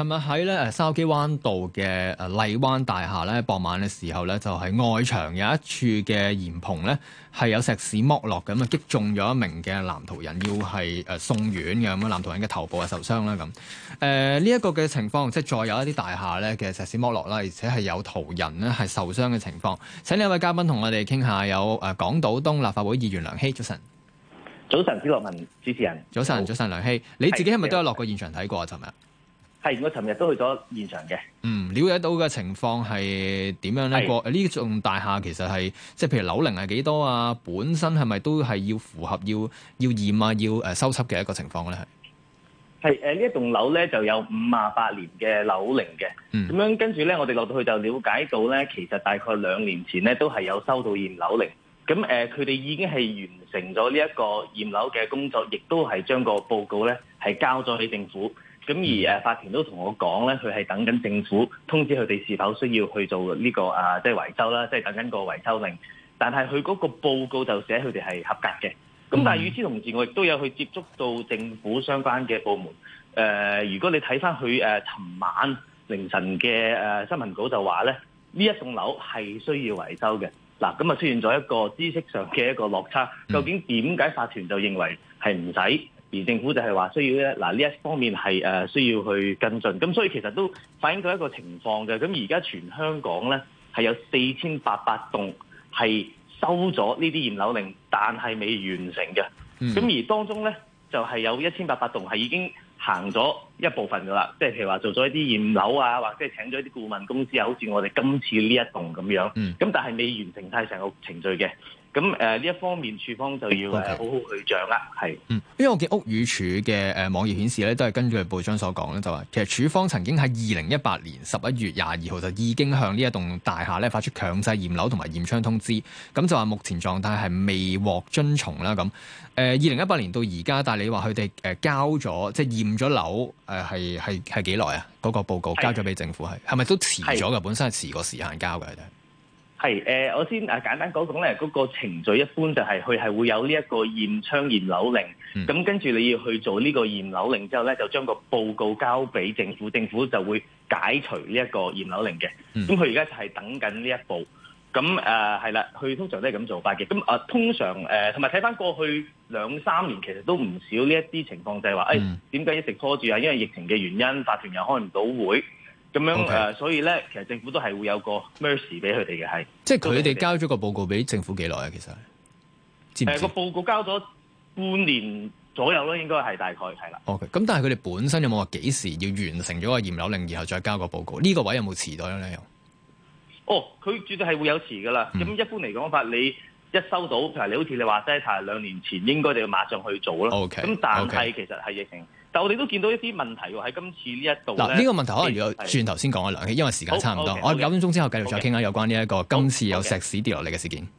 尋日喺咧誒筲箕灣道嘅誒荔灣大廈咧，傍晚嘅時候咧，就係外牆有一處嘅檐篷咧，係有石屎剝落咁啊，擊中咗一名嘅男途人，要係誒送院嘅咁啊，男途人嘅頭部啊受傷啦，咁，誒呢一個嘅情況，即係再有一啲大廈咧嘅石屎剝落啦，而且係有途人咧係受傷嘅情況。請兩位嘉賓同我哋傾下，有誒港島東立法會議員梁熙，早晨，早晨，小樂文主持人，早晨，早晨，梁熙，你自己係咪都有落過現場睇過？尋日。係，我尋日都去咗現場嘅。嗯，瞭解到嘅情況係點樣咧？個呢棟大廈其實係即係譬如樓齡係幾多啊？本身係咪都係要符合要要驗啊，要誒收葺嘅一個情況咧？係係誒呢一棟樓咧就有五十八年嘅樓齡嘅。咁樣跟住咧，我哋落到去就瞭解到咧，其實大概兩年前咧都係有收到驗樓令。咁誒，佢哋已經係完成咗呢一個驗樓嘅工作，亦都係將個報告咧係交咗俾政府。咁、嗯、而法團都同我講咧，佢係等緊政府通知佢哋是否需要去做呢、這個啊，即、就、係、是、維修啦，即、就、係、是、等緊個維修令。但係佢嗰個報告就寫佢哋係合格嘅。咁但係與此同時，我亦都有去接觸到政府相關嘅部門、呃。如果你睇翻佢誒琴晚凌晨嘅、啊、新聞稿就呢，就話咧呢一棟樓係需要維修嘅。嗱，咁啊出現咗一個知識上嘅一個落差。究竟點解法團就認為係唔使？而政府就係話需要咧，嗱呢一方面係誒需要去跟進，咁所以其實都反映到一個情況嘅。咁而家全香港咧係有四千八百棟係收咗呢啲驗樓令，但係未完成嘅。咁、嗯、而當中咧就係、是、有一千八百棟係已經行咗一部分噶啦，即係譬如話做咗一啲驗樓啊，或者請咗啲顧問公司啊，好似我哋今次呢一棟咁樣。咁、嗯、但係未完成晒成個程序嘅。咁誒呢一方面，署方就要誒好好去掌握啦係、okay。嗯，因為我見屋宇署嘅誒網頁顯示咧，都係根據報章所講咧，就話其實署方曾經喺二零一八年十一月廿二號就已經向呢一棟大廈咧發出強制驗樓同埋驗窗通知，咁就話目前狀態係未獲遵從啦。咁誒二零一八年到而家，但係你話佢哋誒交咗即係驗咗樓係係係幾耐啊？嗰、那個報告交咗俾政府係係咪都遲咗嘅？本身係遲過時限交嘅。係，誒、呃，我先誒簡單講講咧，嗰、那個程序一般就係佢係會有呢一個驗窗驗樓令，咁、嗯、跟住你要去做呢個驗樓令之後咧，就將個報告交俾政府，政府就會解除呢一個驗樓令嘅。咁佢而家就係等緊呢一步，咁誒係啦，佢、呃、通常都係咁做法嘅。咁啊、呃，通常誒，同埋睇翻過去兩三年，其實都唔少呢一啲情況，就係話誒點解一直拖住啊？因為疫情嘅原因，法團又開唔到會。咁樣誒，okay. 所以咧，其實政府都係會有個 mercy 俾佢哋嘅，係。即係佢哋交咗個報告俾政府幾耐啊？其實。誒個、呃、報告交咗半年左右咯，應該係大概係啦。OK，咁但係佢哋本身有冇話幾時要完成咗個驗樓令，然後再交個報告？呢、呢個位有冇遲到咧？有？哦，佢絕對係會有遲噶啦。咁、嗯、一般嚟講法，你一收到，譬如你好似你話齋，係兩年前應該就要馬上去做啦。OK。咁但係其實係疫情。但我哋都見到一啲問題喎，喺今次呢一度。嗱，呢、呢個問題可能要轉頭先講梁熙，因為時間差唔多。Okay, okay, okay, okay. 我哋九點鐘之後繼續再傾下、okay. 有關呢一個今次有石屎跌落嚟嘅事件。Okay. Okay.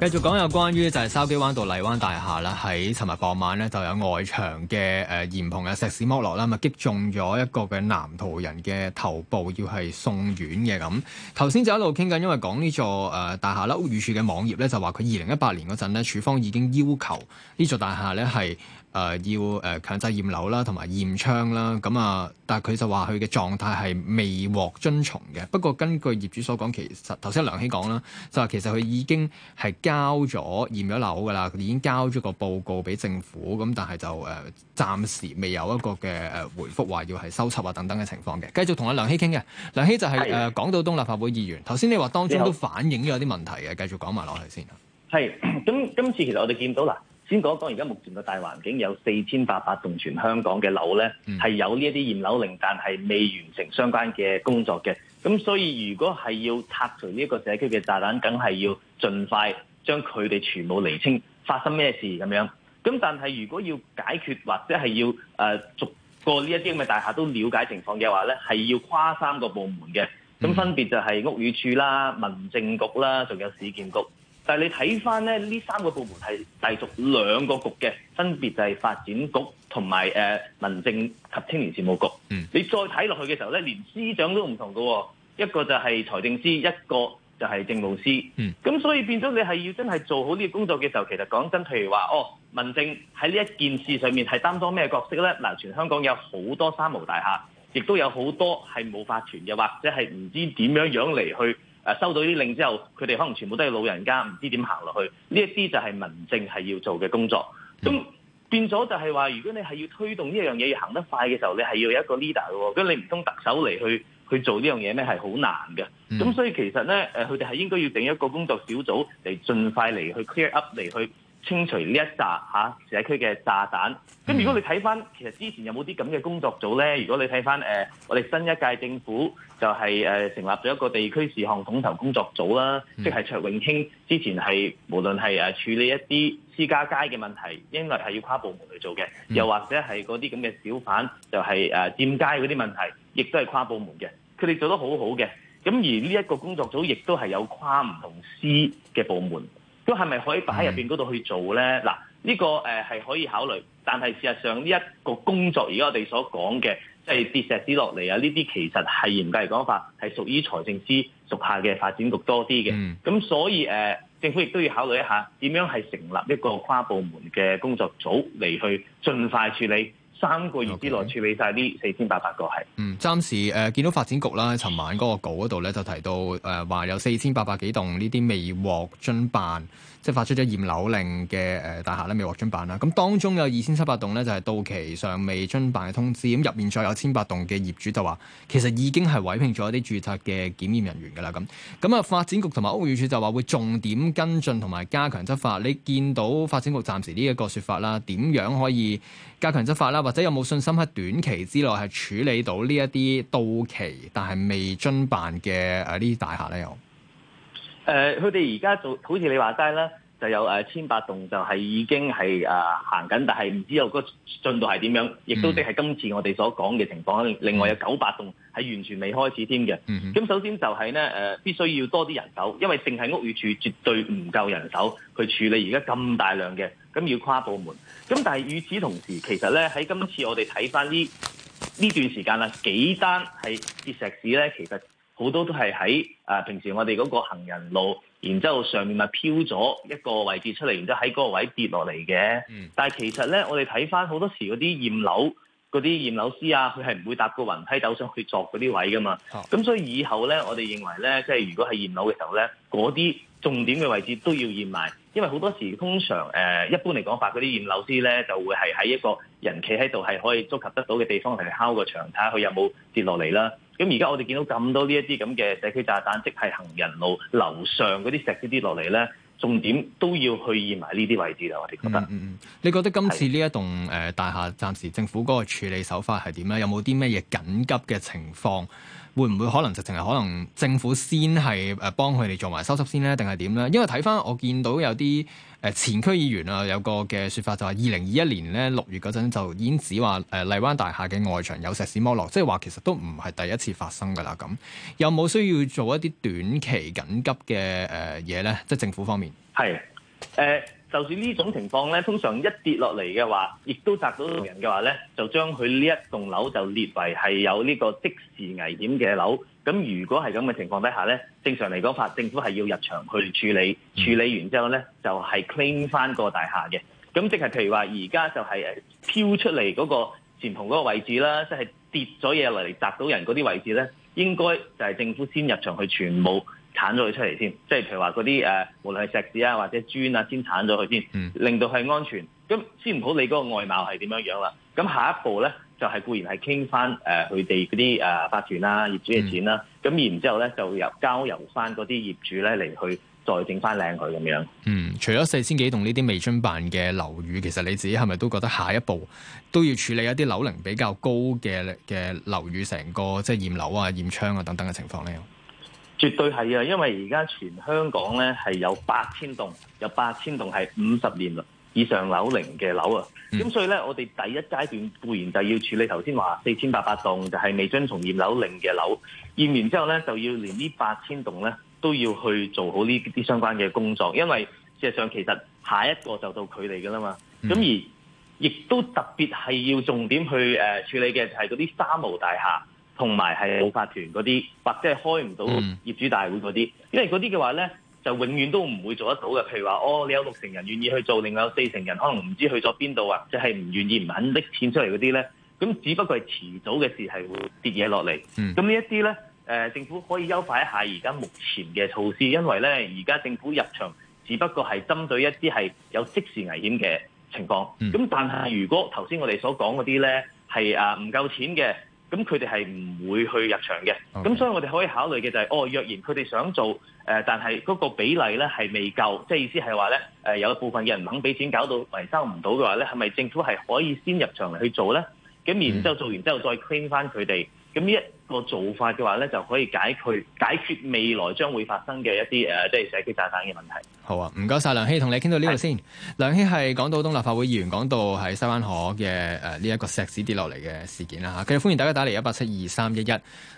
繼續講有關於就係筲箕灣道荔灣大廈啦，喺尋日傍晚咧就有外牆嘅誒簷篷嘅石屎剝落啦，咪擊中咗一個嘅男途人嘅頭部，要係送院嘅咁。頭先就一路傾緊，因為講、呃、呢座誒大廈啦，屋宇署嘅網頁咧就話佢二零一八年嗰陣咧，署方已經要求呢座大廈咧係。誒，要誒強制驗樓啦，同埋驗窗啦，咁啊，但係佢就話佢嘅狀態係未獲遵從嘅。不過根據業主所講，其實頭先梁熙講啦，就話其實佢已經係交咗驗咗樓噶啦，已經交咗個報告俾政府，咁但係就誒暫時未有一個嘅誒回覆，話要係收葺啊等等嘅情況嘅。繼續同阿梁熙傾嘅，梁熙就係誒港島東立法會議員。頭先你話當中都反映咗啲問題嘅，繼續講埋落去先。係，咁今次其實我哋見到嗱。先講一講，而家目前嘅大環境有四千八百棟全香港嘅樓咧，係有呢一啲驗樓令，但係未完成相關嘅工作嘅。咁所以如果係要拆除呢一個社區嘅炸彈，梗係要盡快將佢哋全部釐清發生咩事咁樣。咁但係如果要解決或者係要誒逐個呢一啲咁嘅大廈都了解情況嘅話咧，係要跨三個部門嘅。咁分別就係屋宇署啦、民政局啦，仲有市建局。但係你睇翻咧，呢三個部門係隸屬兩個局嘅，分別就係發展局同埋誒民政及青年事務局。嗯，你再睇落去嘅時候咧，連司長都唔同㗎喎、哦，一個就係財政司，一個就係政務司。嗯，咁所以變咗你係要真係做好呢個工作嘅時候，其實講真，譬如話哦，民政喺呢一件事上面係擔當咩角色咧？嗱，全香港有好多三無大廈，亦都有好多係冇法傳嘅，或者係唔知點樣樣嚟去。收到呢啲令之後，佢哋可能全部都係老人家，唔知點行落去。呢一啲就係民政係要做嘅工作。咁、嗯、變咗就係話，如果你係要推動呢一樣嘢要行得快嘅時候，你係要有一個 leader 喎。咁你唔通特首嚟去去做呢樣嘢咩？係好難嘅。咁、嗯、所以其實咧，誒佢哋係應該要定一個工作小組嚟，盡快嚟去 clear up 嚟去。清除呢一扎、啊、社區嘅炸彈。咁、mm. 如果你睇翻，其實之前有冇啲咁嘅工作組咧？如果你睇翻誒，我哋新一屆政府就係、是呃、成立咗一個地區事項統籌工作組啦，即、mm. 係卓永興。之前係無論係誒處理一啲私家街嘅問題，應該係要跨部門去做嘅，mm. 又或者係嗰啲咁嘅小販就係、是、誒、呃、佔街嗰啲問題，亦都係跨部門嘅。佢哋做得好好嘅。咁而呢一個工作組亦都係有跨唔同司嘅部門。都係咪可以擺喺入面嗰度去做咧？嗱，呢個誒係可以考慮，但係事實上呢一個工作而家我哋所講嘅，即係跌石跌落嚟啊，呢啲其實係嚴格嚟講法係屬於財政司屬下嘅發展局多啲嘅。咁、mm. 所以誒、呃，政府亦都要考慮一下點樣係成立一個跨部門嘅工作組嚟去盡快處理。三個月之內處理晒呢四千八百個係。嗯，暫時誒、呃、見到發展局啦，尋晚嗰個稿嗰度咧就提到誒話、呃、有四千八百幾棟呢啲未獲津辦。即係發出咗驗樓令嘅誒大廈咧，未獲遵辦啦。咁當中有二千七百棟咧，就係到期尚未遵辦嘅通知。咁入面再有千八棟嘅業主就話，其實已經係委聘咗一啲註冊嘅檢驗人員㗎啦。咁咁啊，發展局同埋屋宇署就話會重點跟進同埋加強執法。你見到發展局暫時呢一個説法啦，點樣可以加強執法啦？或者有冇信心喺短期之內係處理到呢一啲到期但係未遵辦嘅誒呢啲大廈咧？又？誒、呃，佢哋而家做好似你話齋啦，就有誒千百棟就係已經係誒行緊，但係唔知有個進度係點樣，亦都即係今次我哋所講嘅情況、嗯。另外有九百棟係完全未開始添嘅。咁、嗯嗯、首先就係咧誒，必須要多啲人手，因為淨係屋宇署絕對唔夠人手去處理而家咁大量嘅，咁要跨部門。咁但係與此同時，其實咧喺今次我哋睇翻呢呢段時間啦，幾單係跌石屎咧，其實。好多都係喺、呃、平時我哋嗰個行人路，然之後上面咪飄咗一個位置出嚟，然之後喺嗰個位跌落嚟嘅。嗯，但係其實咧，我哋睇返好多時嗰啲驗樓嗰啲驗樓師啊，佢係唔會搭個雲梯走上去作嗰啲位㗎嘛。咁、哦、所以以後咧，我哋認為咧，即係如果係驗樓嘅時候咧，嗰啲重點嘅位置都要驗埋，因為好多時通常、呃、一般嚟講法嗰啲驗樓師咧就會係喺一個。人企喺度係可以觸及得到嘅地方嚟敲個牆，睇下佢有冇跌落嚟啦。咁而家我哋見到咁多呢一啲咁嘅社區炸彈，即係行人路樓上嗰啲石啲跌落嚟咧，重點都要去驗埋呢啲位置啦。我哋覺得，嗯嗯，你覺得今次呢一棟誒大廈暫時政府嗰個處理手法係點咧？有冇啲咩嘢緊急嘅情況？會唔會可能直情係可能政府先係誒幫佢哋做埋修葺先咧，定係點咧？因為睇翻我見到有啲誒前區議員啊，有個嘅說法就話二零二一年咧六月嗰陣就已經指話誒麗灣大廈嘅外牆有石屎剝落，即係話其實都唔係第一次發生㗎啦。咁有冇需要做一啲短期緊急嘅誒嘢咧？即係政府方面係誒。就算呢種情況咧，通常一跌落嚟嘅話，亦都砸到人嘅話咧，就將佢呢一棟樓就列為係有呢個即時危險嘅樓。咁如果係咁嘅情況底下咧，正常嚟講法，政府係要入場去處理，處理完之後咧，就係、是、claim 翻個大廈嘅。咁即係譬如話，而家就係誒飄出嚟嗰個前棚嗰個位置啦，即、就、係、是、跌咗嘢落嚟砸到人嗰啲位置咧，應該就係政府先入場去全部。剷咗佢出嚟先，即係譬如話嗰啲誒，無論係石屎啊或者磚啊，先剷咗佢先，令到佢安全。咁先唔好理嗰個外貌係點樣樣啦。咁下一步咧，就係、是、固然係傾翻佢哋嗰啲誒法團啦、業主嘅錢啦。咁、嗯、然之後咧，就由交由翻嗰啲業主咧嚟去再整翻靚佢咁樣。嗯，除咗四千幾棟呢啲未津辦嘅樓宇，其實你自己係咪都覺得下一步都要處理一啲樓齡比較高嘅嘅樓宇，成個即係驗樓啊、驗窗啊等等嘅情況咧？絕對係啊，因為而家全香港咧係有八千棟，有八千棟係五十年以上樓齡嘅樓啊。咁、嗯、所以咧，我哋第一階段固然就要處理頭先話四千八百棟，就係、是、未遵從驗樓令嘅樓，驗完之後咧，就要連這8，呢八千棟咧都要去做好呢啲相關嘅工作。因為事實上其實下一個就到佢哋㗎喇嘛。咁、嗯、而亦都特別係要重點去誒處理嘅就係嗰啲三無大廈。同埋係冇法團嗰啲，或者係開唔到業主大會嗰啲、嗯，因為嗰啲嘅話咧，就永遠都唔會做得到嘅。譬如話，哦，你有六成人願意去做，另外有四成人可能唔知去咗邊度啊，就係、是、唔願意唔肯拎錢出嚟嗰啲咧。咁只不過係遲早嘅事，係會跌嘢落嚟。咁呢一啲咧，誒政府可以優化一下而家目前嘅措施，因為咧而家政府入場，只不過係針對一啲係有即時危險嘅情況。咁但係如果頭先我哋所講嗰啲咧，係啊唔夠錢嘅。咁佢哋係唔會去入場嘅，咁、okay。所以我哋可以考慮嘅就係、是，哦，若然佢哋想做，誒、呃，但係嗰個比例咧係未夠，即係意思係話咧，誒、呃、有一部分嘅人唔肯俾錢，搞到維修唔到嘅話咧，係咪政府係可以先入場嚟去做咧？咁然之後做完之後再 claim 翻佢哋，咁呢一個做法嘅話呢，就可以解決解決未來將會發生嘅一啲誒，即係社區炸彈嘅問題。好啊，唔該晒。梁希，同你傾到呢度先。梁希係港島東立法會議員，講到喺西灣河嘅誒呢一個石屎跌落嚟嘅事件啦嚇。佢哋歡迎大家打嚟一八七二三一一。